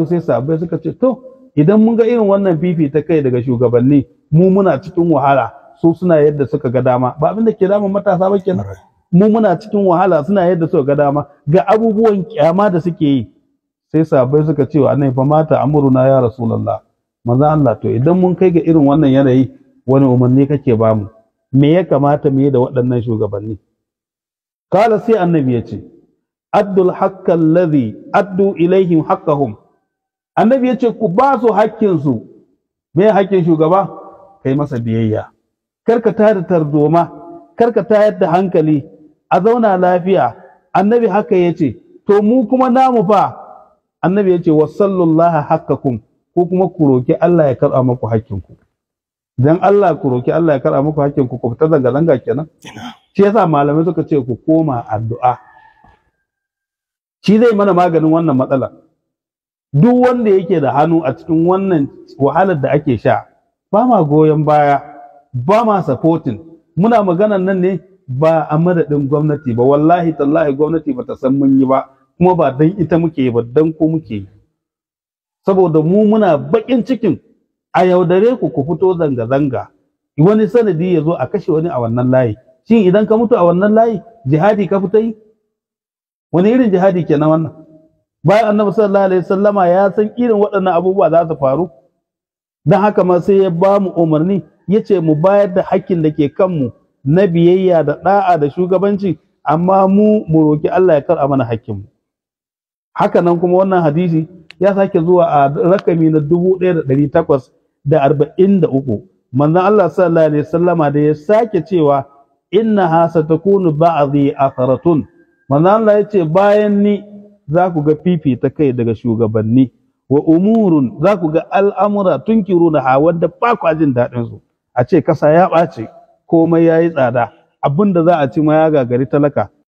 sai sabai suka ce to idan mun ga irin wannan fifi ta kai daga shugabanni mu muna cikin wahala su suna yadda suka ga dama ba abin da ke damun matasa ba kenan mu muna cikin wahala suna yadda suka ga dama ga abubuwan kyama da suke yi sai sabai suka ce wa annabi fa mata amruna ya rasulullah manzo Allah to idan mun kai ga irin wannan yanayi wani umarni kake bamu me ya kamata mu yi da waɗannan shugabanni kala sai annabi ya ce addul haqqal ladhi addu ilaihim haqqahum annabi ya ce ku ba su haƙƙinsu me haƙƙin shugaba kai masa biyayya karka tada tarzoma karka tayar da hankali a zauna lafiya annabi haka ya ce to mu kuma namu fa annabi ya ce wasallullaha hakkakum, ko kuma ku roki Allah ya karɓa muku hakkinku. dan Allah ku roki Allah ya karɓa muku hakkinku, ku fita daga zanga kenan shi yasa malamai suka ce ku koma addu'a shi zai mana maganin wannan matsalar duk wanda yake da hannu a cikin wannan wahalar da ake sha ba ma goyon baya ba ma supporting muna magana nan ne ba a madadin gwamnati ba wallahi tallahi gwamnati ba ta san mun yi ba kuma ba dan ita muke ba dan ko muke saboda mu muna bakin cikin a yaudare ku ku fito zanga zanga wani sanadi ya zo a kashe wani a wannan layi shin idan ka mutu a wannan layi jihadi ka fita yi wani irin jihadi kenan wannan bayan annabi sallallahu alaihi wasallama ya san irin waɗannan abubuwa za su faru dan haka ma sai ya ba mu umarni yace mu bayar da hakkin da ke kanmu na biyayya da ɗa'a da shugabanci amma mu mu roki Allah ya a mana mu. haka nan kuma wannan hadisi ya sake zuwa a rakami na dubu ɗaya da ɗari takwas da da manzon Allah sallallahu alaihi wasallama da ya sake cewa innaha satakunu ba'dhi atharatun manzon Allah yace bayan ni za ku ga fifita kai daga shugabanni wa umurun za ku ga al'amura tunkiru na hawan da ba ku jin daɗin su a ce kasa ya ɓace komai ya yi tsada abin da za a ci ma ya gagari talaka